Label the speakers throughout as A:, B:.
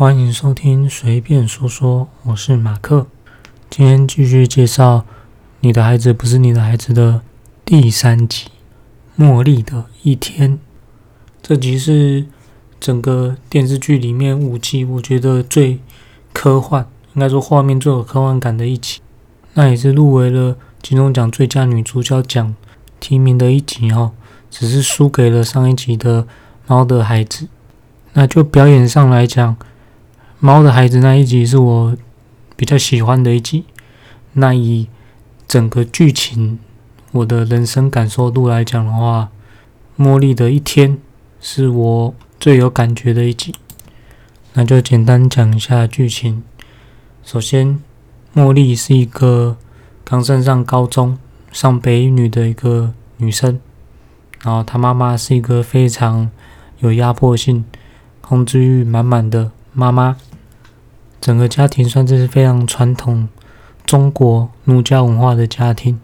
A: 歡迎收聽《隨便說說》，我是馬克。今天繼續介紹《你的孩子不是你的孩子》的第三集《茉莉的一天》。這集是整個電視劇裡面五集我覺得最科幻，應該說畫面最有科幻感的一集。那也是入圍了金鐘獎最佳女主角獎提名的一集哦，只是輸給了上一集的《貓的孩子》。那就表演上來講，貓的孩子那一集是我比較喜歡的一集，那以整個劇情，我的人生感受度來講的話，《茉莉的一天》是我最有感覺的一集。那就簡單講一下劇情。首先，茉莉是一個剛升上,上高中、上北女的一個女生，然後她媽媽是一個非常有壓迫性、控制欲滿滿的媽媽。整個家庭算是非常傳統中國儒家文化的家庭，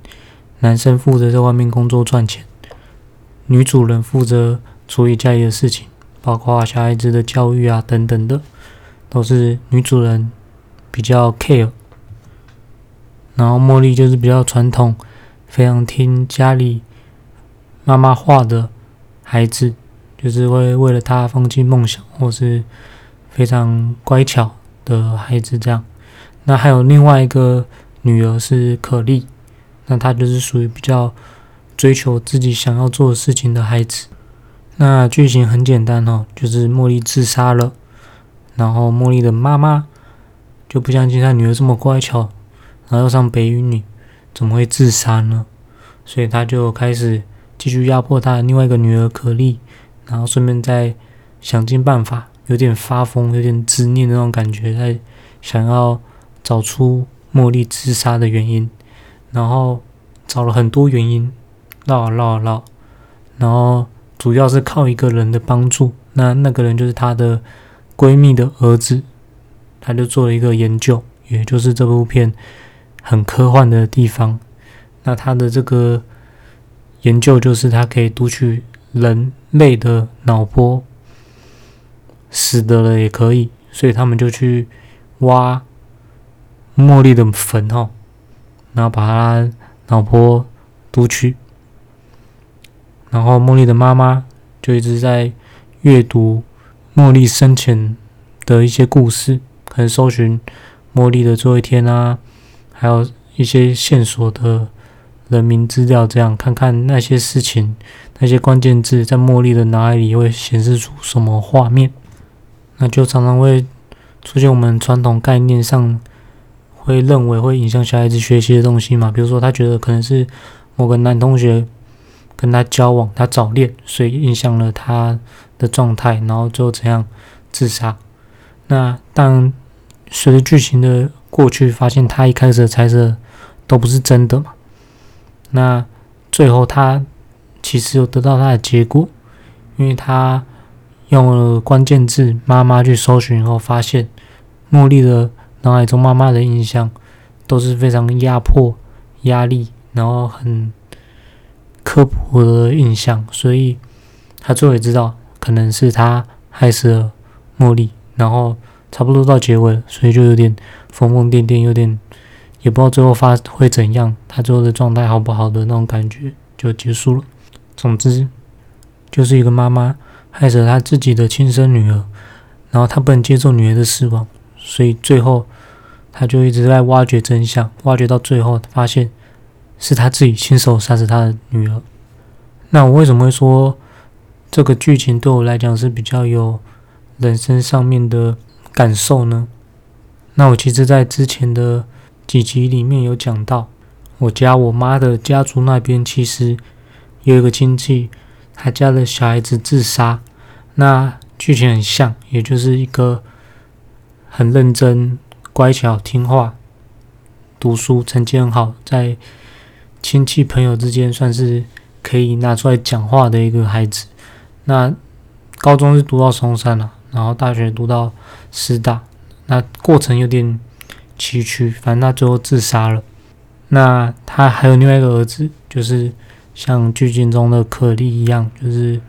A: 男生負責在外面工作賺錢，女主人負責處理家裡的事情，包括小孩子的教育啊等等的，都是女主人比較 care。然後茉莉就是比較傳統，非常聽家裡媽媽話的孩子，就是會為了他放棄夢想，或是非常乖巧。的孩子這樣，那還有另外一個女兒是可莉，那她就是屬於比較追求自己想要做的事情的孩子。那劇情很簡單哦，就是茉莉自殺了，然後茉莉的媽媽就不相信她女兒這麼乖巧，然後又上北一女，怎麼會自殺呢？所以她就開始繼續壓迫她的另外一個女兒可莉，然後順便再想盡辦法。有點發瘋，有點執念的那種感覺，在想要找出茉莉自殺的原因，然後找了很多原因，繞啊繞啊繞，然後主要是靠一個人的幫助，那那個人就是她的閨蜜的兒子，他就做了一個研究，也就是這部片很科幻的地方，那他的這個研究就是他可以讀取人類的腦波。死的了也可以，所以他們就去挖茉莉的墳哈，然後把她腦波讀取，然後茉莉的媽媽就一直在閱讀茉莉生前的一些故事，可能搜尋茉莉的最後一天啊，還有一些線索的人名資料，這樣看看那些事情，那些關鍵字在茉莉的腦海裡會顯示出什麼畫面。那就常常會出現我們傳統概念上會認為會影響小孩子學習的東西嘛，比如說他覺得可能是某個男同學跟他交往，他早戀，所以影響了他的狀態，然後就這樣自殺。那但隨着劇情的過去，發現他一開始的猜測都不是真的嘛。那最後他其實又得到他的結果，因為他。用了關鍵字“媽媽”去搜尋後，發現茉莉的腦海中媽媽的印象都是非常壓迫、壓力，然後很刻薄的印象，所以他最後也知道可能是他害死了茉莉。然後差不多到結尾了，所以就有點瘋瘋癲癲，有點也不知道最後發會怎樣，他最後的狀態好不好的那種感覺就結束了。總之，就是一個媽媽。害死了他自己的親生女兒，然後他不能接受女兒的死亡，所以最後他就一直在挖掘真相，挖掘到最後發現是他自己親手殺死他的女兒。那我為什麼會說這個劇情對我來講是比較有人生上面的感受呢？那我其實，在之前的幾集裡面有講到，我家我媽的家族那邊其實有一個親戚，他家的小孩子自殺。那劇情很像，也就是一個很認真、乖巧、聽話、讀書成績很好，在親戚朋友之間算是可以拿出來講話的一個孩子。那高中是讀到松山了啊，然後大學讀到師大，那過程有點崎嶇，反正他最後自殺了。那他還有另外一個兒子，就是像劇情中的可莉一樣，就是。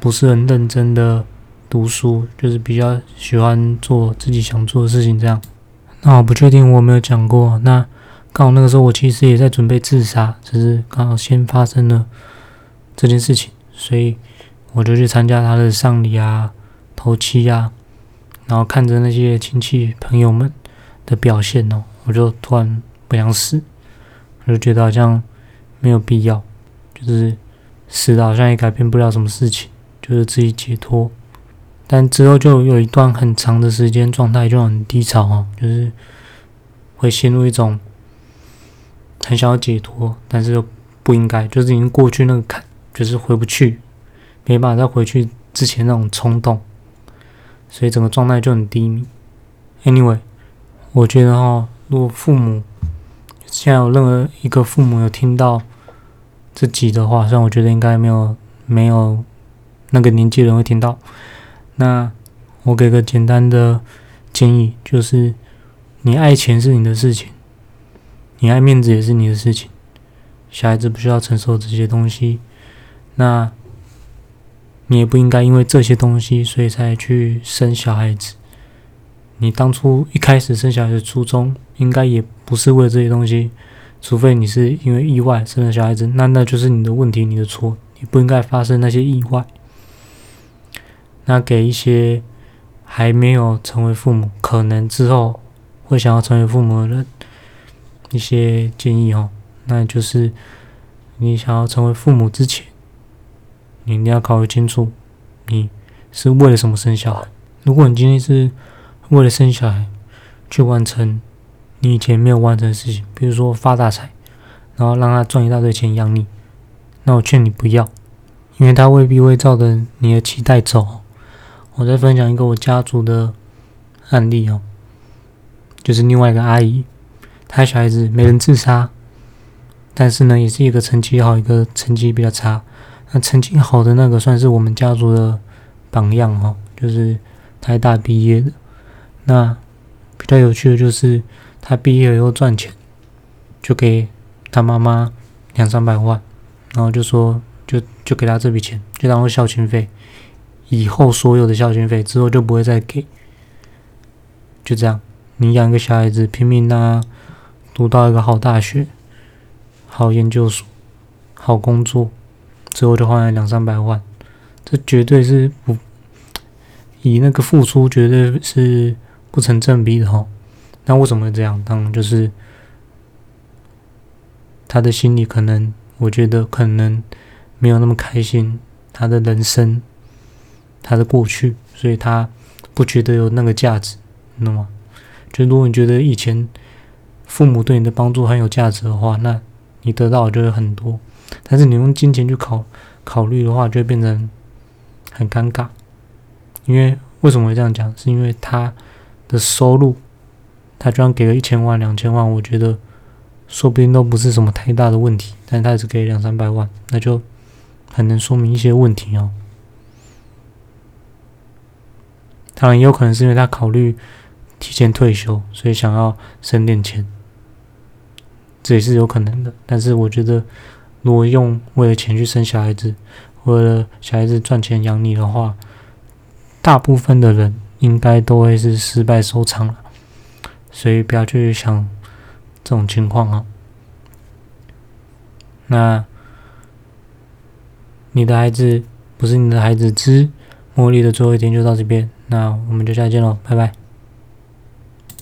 A: 不是很認真的讀書，就是比較喜歡做自己想做的事情。這樣，那我不確定我沒有講過。那剛好那個時候，我其實也在準備自殺，只是剛好先發生了這件事情，所以我就去參加他的喪禮啊、頭七啊，然後看着那些親戚朋友們的表現哦、喔，我就突然不想死，我就覺得好像沒有必要，就是死了好像也改變不了什麼事情。就是自己解脫，但之後就有一段很長的時間狀態就很低潮哦，就是會陷入一種很想要解脫，但是又不應該，就是已經過去那個坎，就是回不去，沒辦法再回去之前那種衝動，所以整個狀態就很低迷。Anyway，我覺得哈，如果父母現在有任何一個父母有聽到自己的話，雖然我覺得應該沒有沒有。沒有那個年紀人會聽到，那我給個簡單的建議，就是你愛錢是你的事情，你愛面子也是你的事情，小孩子不需要承受這些東西，那，你也不應該因為這些東西，所以才去生小孩子，你當初一開始生小孩的初衷，應該也不是為了這些東西，除非你是因為意外生了小孩子，那那就是你的問題，你的錯，你不應該發生那些意外。那給一些還沒有成為父母，可能之後會想要成為父母的人一些建議哦。那就是你想要成為父母之前，你一定要考慮清楚，你是為了什麼生小孩。如果你今天是為了生小孩去完成你以前沒有完成的事情，比如說發大財，然後讓他賺一大堆錢養你，那我勸你不要，因為他未必會照着你的期待走。我再分享一個我家族的案例哦，就是另外一個阿姨，她小孩子沒人自殺，但是呢，也是一個成績好，一個成績比較差。那成績好的那個算是我們家族的榜樣哦，就是台大畢業的。那比較有趣的就是他畢業以後賺錢，就給他媽媽兩三百萬，然後就說就就給她這筆錢，就當做孝親費。以後所有的孝心費之後就不會再給，就這樣。你養一個小孩子，拼命吶，讀到一個好大學、好研究所、好工作，最後就花了兩三百萬，這絕對是不以那個付出絕對是不成正比的哈、哦。那為什麼會這樣？當然就是他的心裡可能，我覺得可能沒有那麼開心，他的人生。他的過去，所以他不覺得有那個價值，你懂嗎？就如果你覺得以前父母對你的幫助很有價值的話，那你得到的就會很多。但是你用金錢去考考慮的話，就會變成很尷尬。因為為什麼會這樣講？是因為他的收入，他居然給了一千萬、兩千萬，我覺得說不定都不是什麼太大的問題。但是他只給兩三百萬，那就很能說明一些問題哦。當然，也有可能是因為他考慮提前退休，所以想要省點錢，這也是有可能的。但是，我覺得如果用為了錢去生小孩子，為了小孩子賺錢養你的話，大部分的人應該都會是失敗收場了。所以，不要去想這種情況啊。那你的孩子不是你的孩子，之茉莉的最後一天就到這邊。那我們就下期見嘍，拜拜。